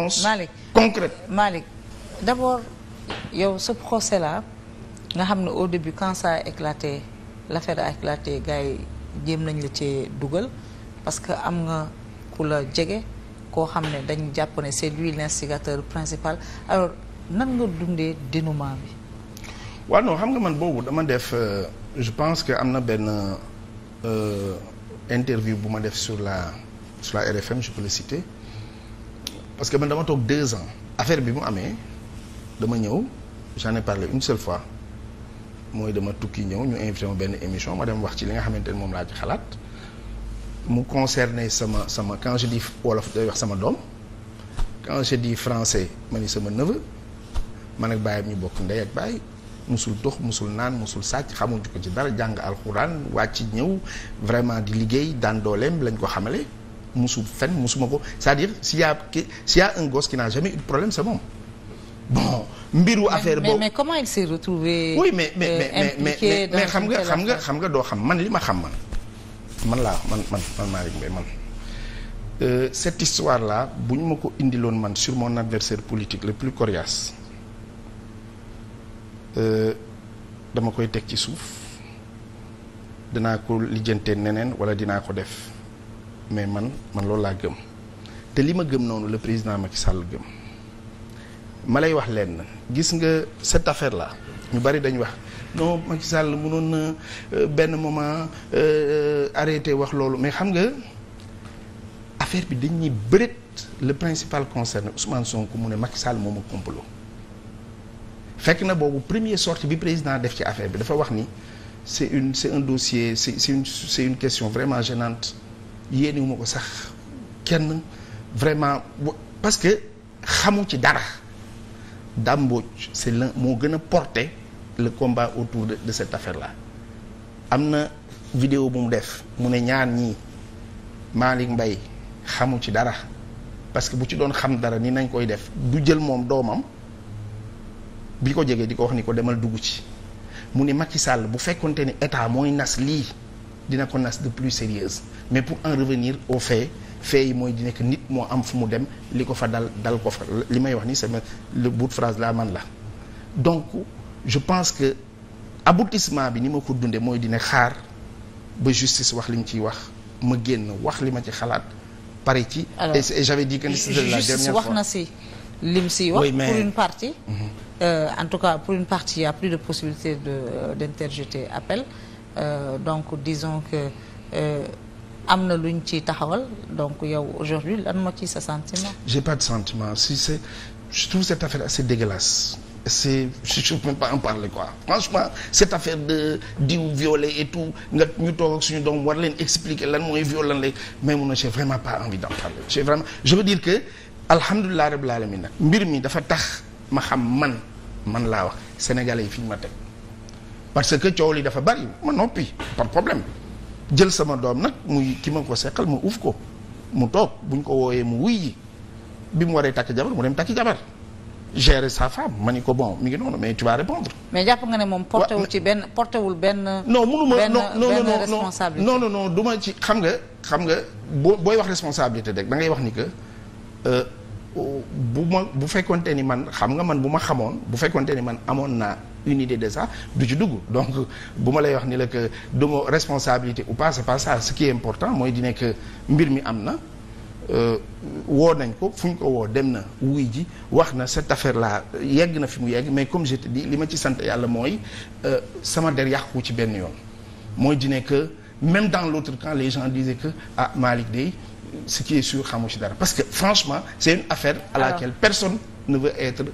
réponse Malick concrète Malick d'abord yow ce procès là nga xam ne au début quand ça a éclaté l'affaire a éclaté gars jéem nañ la cee dugal parce que am nga ku la jege koo xam ne dañ jàpp ne c'est lui l'instigateur principal alors nan nga dundee dénouement bi waaw non xam nga man boobu dama def euh, je pense que am na benn euh, interview bu ma def sur la sur la RFM je peux le citer parce que man dama toog deux ans affaire bi mu amee dama ñëw j'en ai parlé une seule fois mooy dama tukki ñëw ñu invité benn émission ma dem wax ci li nga xamante ne moom laa ci xalaat mu concerné sama sama quand je dis wolof day wax sama doom quand je français ma ni sama neveu man ak baayam ñu bokk ndey ak baay musul dox musul naan musul sàcc xamuñu ko ci dara jàng alxuraan wàcc ñëw vraiment di liggéey daan dooleem lañ ko xamale musul fen musuma ko c'est-à-dire s'il y a s'il y a un gosse qui n'a jamais eu de problème c'est moom bon mbiru affaire boobu mais comment il s'est retrouvé oui mais mais euh, mais mais mais xam nga xam nga xam nga doo xam man li ma xam man man laa man man man Malick Mbaye man euh, cette histoire là bu ñu ma ko indiloon man sur mon adversaire politique le plus coriace euh, dama koy teg ci suuf danaa ko lijjante neneen wala dinaa ko def mais man man loolu laa gëm te li ma gëm noonu le président Macky Sall gëm ma lay wax lenn gis nga cette affaire là ñu bari dañ wax non Macky Sall mënoon na euh, benn moment euh, arrêté wax loolu mais xam nga affaire bi dañuy bëreet le principal concerné Ousmane Sonko mu ne Macky Sall moom a complot fekk na boobu premier sortie bi président def ci affaire bi dafa wax ni c'est une c'est un dossier c'est c'est une c'est question vraiment gênante yéene ko sax kenn vraiment parce que xamu ci dara Dame Mbodj c'est moo gën a porté le combat autour de, de cette affaire là am na vidéo bu mu def mu ne ñaar ñii Malick mbay xamu ci dara parce que bu ci doon xam dara ni nañ koy def du jël moom doomam bi ko jegee di ko wax ni ko demal dugg ci mu ne ci sàll bu fekkonte ni état mooy nas lii dina ko nas de plus sérieuse mais pour en au fait fait yi mooy di nekk nit moo am fu mu dem li ko fa dal dal ko fa li may wax ni sama le bout de phrase la man la donc je pense que aboutissement bi ni ma ko dundee mooy dina xaar ba justice wax li mu ciy wax ma génn wax li ma ci xalaat pare ci et j'avais dit la dernière wax na si li lim si wax pour une partie mhm. euh, en tout cas pour une partie il y a plus de possibilité de euh, d'interjeter appel Euh, donc disons que euh, am na lu ñu ci taxawal donc yow aujourd'hui lan moo ci sa sentiment j'ai pas de sentiment si c'est je trouve cette affaire assez dégueulasse c'est je peux pas en parler quoi franchement cette affaire de diw violé et tout nga ñu toog ak suñu doom war leen expliquer lan mooy viol lan lay mais mun na j'ai vraiment pas envie d'en parler j'ai vraiment je veux dire que alhamdulilah rabbil alamin nag mbir mi dafa tax ma xam man man laa wax sénégalais yi fi ñu ma teg parce que coow li dafa bari ma noppi par problème jël sama doom nag muy ki ma ko seqal ma uuf ko mu toog buñ ko wooyee mu wuy yi bi mu waree takk jabar mu dem takki jabar gérer sa femme ma ni ko bon mu ngi noonu mais tu vas répondre mais jàpp nga ne moom porté wu ci benn porté wul benn. no mënuma non non non non non du ci xam nga xam nga boo booy wax responsabilité rek da ngay wax ni que euh, bu ma bu fekkonte ni man xam nga man bu ma xamoon bu fekkonte ni man amoon naa. une idée de ça du ci dugg donc bu ma lay wax ni la que duma responsabilité ou pas par pas ça ce qui est important mooy di nekk mbir mi am na euh, woo nañ ko fu ñu ko woo dem na wuy ji wax na cette affaire là yegg na fi mu yegg mais comme je te dis li ma ci sant yàlla mooy euh, sama der yàqu ci benn yoon mooy di ne que même dans l'autre camp les gens disaient que ah Malick Dey ce qui est sûr xamu ci dara parce que franchement c'est une affaire à laquelle Alors. personne ne veut être